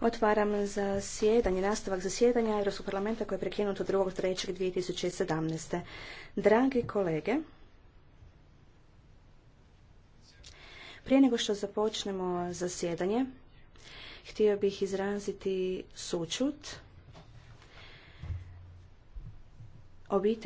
Otvaram zasjedanje, nastavak zasjedanja Europskog parlamenta koje je prekinuto 2.3.2017. Dragi kolege, prije nego što započnemo zasjedanje, htio bih izraziti sučut obitelji